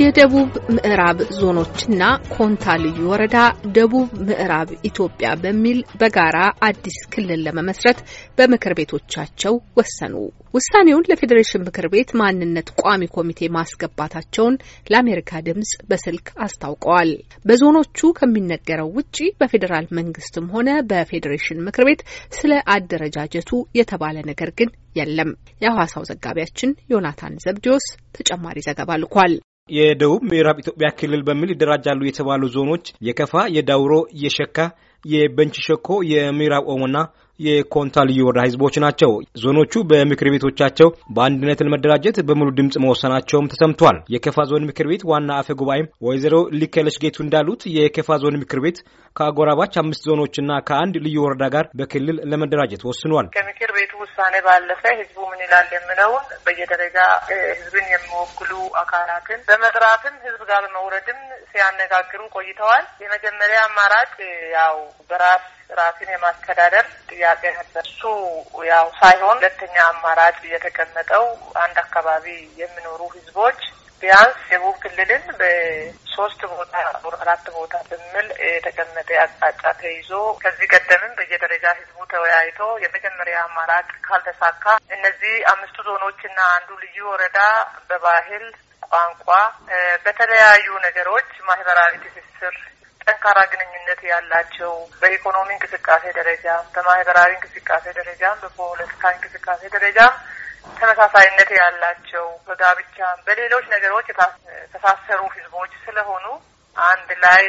የደቡብ ምዕራብ ዞኖችና ኮንታ ልዩ ወረዳ ደቡብ ምዕራብ ኢትዮጵያ በሚል በጋራ አዲስ ክልል ለመመስረት በምክር ቤቶቻቸው ወሰኑ። ውሳኔውን ለፌዴሬሽን ምክር ቤት ማንነት ቋሚ ኮሚቴ ማስገባታቸውን ለአሜሪካ ድምጽ በስልክ አስታውቀዋል። በዞኖቹ ከሚነገረው ውጪ በፌዴራል መንግስትም ሆነ በፌዴሬሽን ምክር ቤት ስለ አደረጃጀቱ የተባለ ነገር ግን የለም። የሐዋሳው ዘጋቢያችን ዮናታን ዘብዲዮስ ተጨማሪ ዘገባ ልኳል። የደቡብ ምዕራብ ኢትዮጵያ ክልል በሚል ይደራጃሉ የተባሉ ዞኖች የከፋ፣ የዳውሮ፣ የሸካ፣ የበንች ሸኮ፣ የምዕራብ ኦሞና የኮንታ ልዩ ወረዳ ህዝቦች ናቸው። ዞኖቹ በምክር ቤቶቻቸው በአንድነት ለመደራጀት በሙሉ ድምፅ መወሰናቸውም ተሰምቷል። የከፋ ዞን ምክር ቤት ዋና አፈ ጉባኤም ወይዘሮ ሊከለሽ ጌቱ እንዳሉት የከፋ ዞን ምክር ቤት ከአጎራባች አምስት ዞኖችና ከአንድ ልዩ ወረዳ ጋር በክልል ለመደራጀት ወስኗል። ከምክር ቤቱ ውሳኔ ባለፈ ህዝቡ ምን ይላል የምለውን በየደረጃ ህዝብን የሚወክሉ አካላትን በመጥራትም ህዝብ ጋር በመውረድም ሲያነጋግሩ ቆይተዋል። የመጀመሪያ አማራጭ ያው በራስ ራሴን የማስተዳደር ጥያቄ ነበር። እሱ ያው ሳይሆን ሁለተኛ አማራጭ የተቀመጠው አንድ አካባቢ የሚኖሩ ህዝቦች ቢያንስ ደቡብ ክልልን በሶስት ቦታ አራት ቦታ በሚል የተቀመጠ አቅጣጫ ተይዞ ከዚህ ቀደምም በየደረጃ ህዝቡ ተወያይቶ የመጀመሪያ አማራጭ ካልተሳካ እነዚህ አምስቱ ዞኖችና አንዱ ልዩ ወረዳ በባህል ቋንቋ፣ በተለያዩ ነገሮች ማህበራዊ ትስስር ጠንካራ ግንኙነት ያላቸው በኢኮኖሚ እንቅስቃሴ ደረጃ በማህበራዊ እንቅስቃሴ ደረጃም፣ በፖለቲካ እንቅስቃሴ ደረጃም ተመሳሳይነት ያላቸው በጋብቻ በሌሎች ነገሮች የተሳሰሩ ህዝቦች ስለሆኑ አንድ ላይ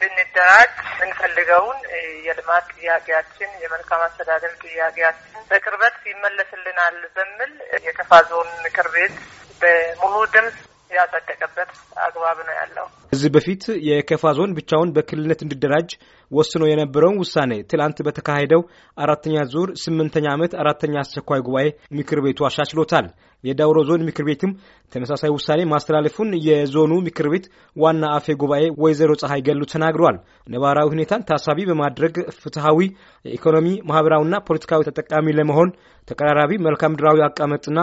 ብንደራጅ የምንፈልገውን የልማት ጥያቄያችን የመልካም አስተዳደር ጥያቄያችን በቅርበት ይመለስልናል በሚል የከፋ ዞን ምክር ቤት በሙሉ ድምፅ ያጸደቀበት አግባብ ነው ያለው። ከዚህ በፊት የከፋ ዞን ብቻውን በክልልነት እንዲደራጅ ወስኖ የነበረውን ውሳኔ ትላንት በተካሄደው አራተኛ ዙር ስምንተኛ ዓመት አራተኛ አስቸኳይ ጉባኤ ምክር ቤቱ አሻሽሎታል። የዳውሮ ዞን ምክር ቤትም ተመሳሳይ ውሳኔ ማስተላለፉን የዞኑ ምክር ቤት ዋና አፌ ጉባኤ ወይዘሮ ፀሐይ ገሉ ተናግሯል። ነባራዊ ሁኔታን ታሳቢ በማድረግ ፍትሐዊ የኢኮኖሚ ማህበራዊና ፖለቲካዊ ተጠቃሚ ለመሆን ተቀራራቢ መልካምድራዊ ምድራዊ አቀማመጥና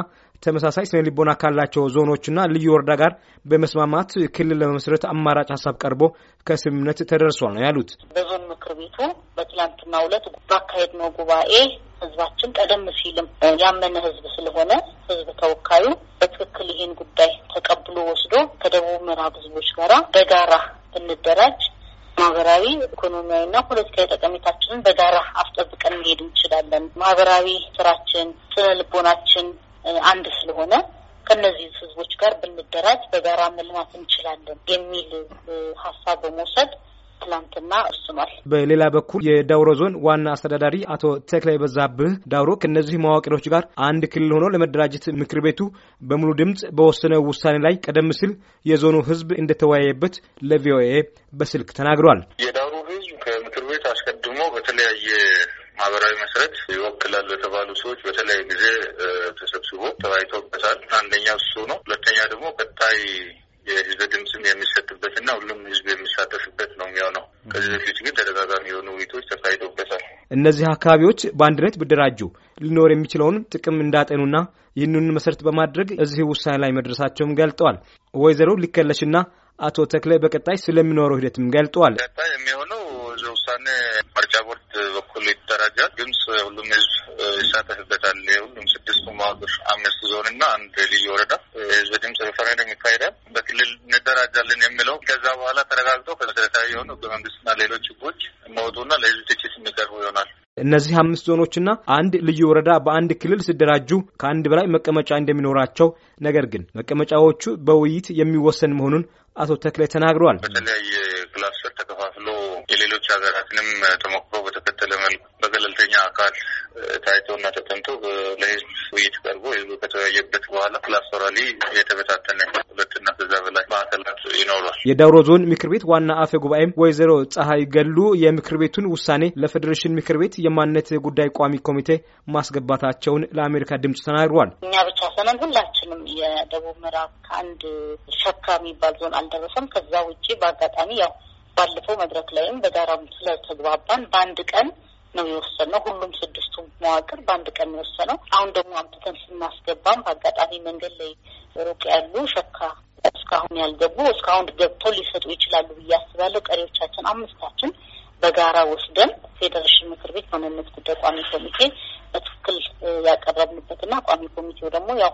ተመሳሳይ ስነ ልቦና ካላቸው ዞኖችና ልዩ ወረዳ ጋር በመስማማት ክልል ለመመስረት አማራጭ ሀሳብ ቀርቦ ከስምምነት ተደርሷል ነው ያሉት። በዞን ምክር ቤቱ በትላንትናው ዕለት ነው ጉባኤ ህዝባችን ቀደም ሲልም ያመነ ህዝብ ስለሆነ ህዝብ ተወካዩ በትክክል ይህን ጉዳይ ተቀብሎ ወስዶ ከደቡብ ምዕራብ ህዝቦች ጋራ በጋራ ብንደራጅ ማህበራዊ ኢኮኖሚያዊና ፖለቲካዊ ጠቀሜታችንን በጋራ አስጠብቀን መሄድ እንችላለን። ማህበራዊ ስራችን፣ ስነ ልቦናችን አንድ ስለሆነ ከነዚህ ህዝቦች ጋር ብንደራጅ በጋራ መልማት እንችላለን የሚል ሀሳብ በመውሰድ ትላንትና ወስኗል። በሌላ በኩል የዳውሮ ዞን ዋና አስተዳዳሪ አቶ ተክላይ በዛብህ ዳውሮ ከእነዚህ መዋቅሮች ጋር አንድ ክልል ሆኖ ለመደራጀት ምክር ቤቱ በሙሉ ድምፅ በወሰነው ውሳኔ ላይ ቀደም ሲል የዞኑ ህዝብ እንደተወያየበት ለቪኦኤ በስልክ ተናግሯል። የዳውሮ ህዝብ ከምክር ቤት አስቀድሞ በተለያየ ማህበራዊ መሰረት ይወክላል ለተባሉ ሰዎች በተለያየ ጊዜ ተሰብስቦ ተወያይቶበታል። አንደኛው እሱ ነው። ሁለተኛ ደግሞ ቀጣይ የህዝብ ድምፅም የሚሰጥበትና ሁሉም ህዝብ የሚሳተፍበት ነው የሚሆነው። ከዚህ በፊት ግን ተደጋጋሚ የሆኑ ውይይቶች ተካሂዶበታል። እነዚህ አካባቢዎች በአንድነት ብደራጁ ሊኖር የሚችለውን ጥቅም እንዳጠኑና ይህንን መሰረት በማድረግ እዚህ ውሳኔ ላይ መድረሳቸውም ገልጠዋል። ወይዘሮ ሊከለሽና አቶ ተክለ በቀጣይ ስለሚኖረው ሂደትም ገልጠዋል። ቀጣይ የሚሆነው እዚህ ውሳኔ በኩል ይደራጃል። ግብጽ ሁሉም ህዝብ ይሳተፍበታል። ሁሉም ስድስቱ ማዋቅር አምስት ዞን እና አንድ ልዩ ወረዳ ህዝብ ድምጽ ሪፈረንደም ይካሄዳል። በክልል እንደራጃለን የሚለው ከዛ በኋላ ተረጋግጦ ከመሰረታዊ የሆኑ ህገ መንግስትና ሌሎች ህጎች መወጡና ለህዝብ ትችት የሚቀርቡ ይሆናል። እነዚህ አምስት ዞኖችና አንድ ልዩ ወረዳ በአንድ ክልል ሲደራጁ ከአንድ በላይ መቀመጫ እንደሚኖራቸው፣ ነገር ግን መቀመጫዎቹ በውይይት የሚወሰን መሆኑን አቶ ተክላይ ተናግረዋል። በተለያየ ክላስተር ተከፋፍሎ የሌሎች ሀገራትንም ተሞክሮ በተከተለ መልኩ በገለልተኛ አካል ታይቶ እና ተጠንቶ ለህዝብ ውይይት ቀርቦ ህዝቡ ከተወያየበት በኋላ ክላስተራሊ የተበታተነ ሁለትና ይኖሯል። የዳውሮ ዞን ምክር ቤት ዋና አፈ ጉባኤም ወይዘሮ ፀሐይ ገሉ የምክር ቤቱን ውሳኔ ለፌዴሬሽን ምክር ቤት የማንነት ጉዳይ ቋሚ ኮሚቴ ማስገባታቸውን ለአሜሪካ ድምጽ ተናግሯል። እኛ ብቻ ሰነን ሁላችንም የደቡብ ምዕራብ ከአንድ ሸካ የሚባል ዞን አልደረሰም። ከዛ ውጭ በአጋጣሚ ያው ባለፈው መድረክ ላይም በጋራም ስለተግባባን በአንድ ቀን ነው የወሰነው። ሁሉም ስድስቱ መዋቅር በአንድ ቀን የወሰነው። አሁን ደግሞ አምጥተን ስናስገባም በአጋጣሚ መንገድ ላይ ሩቅ ያሉ ሸካ እስካሁን ያልገቡ እስካሁን ገብቶ ሊሰጡ ይችላሉ ብዬ አስባለሁ። ቀሪዎቻችን አምስታችን በጋራ ወስደን ፌዴሬሽን ምክር ቤት ማንነት ጉዳይ ቋሚ ኮሚቴ በትክክል ያቀረብንበትና ቋሚ ኮሚቴው ደግሞ ያው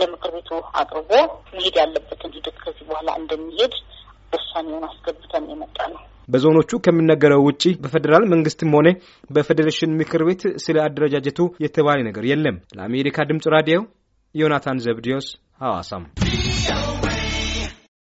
ለምክር ቤቱ አቅርቦ መሄድ ያለበትን ሂደት ከዚህ በኋላ እንደሚሄድ ውሳኔውን አስገብተን የመጣ ነው። በዞኖቹ ከሚነገረው ውጪ በፌዴራል መንግስትም ሆነ በፌዴሬሽን ምክር ቤት ስለ አደረጃጀቱ የተባለ ነገር የለም። ለአሜሪካ ድምጽ ራዲዮ ዮናታን ዘብዲዮስ ሐዋሳም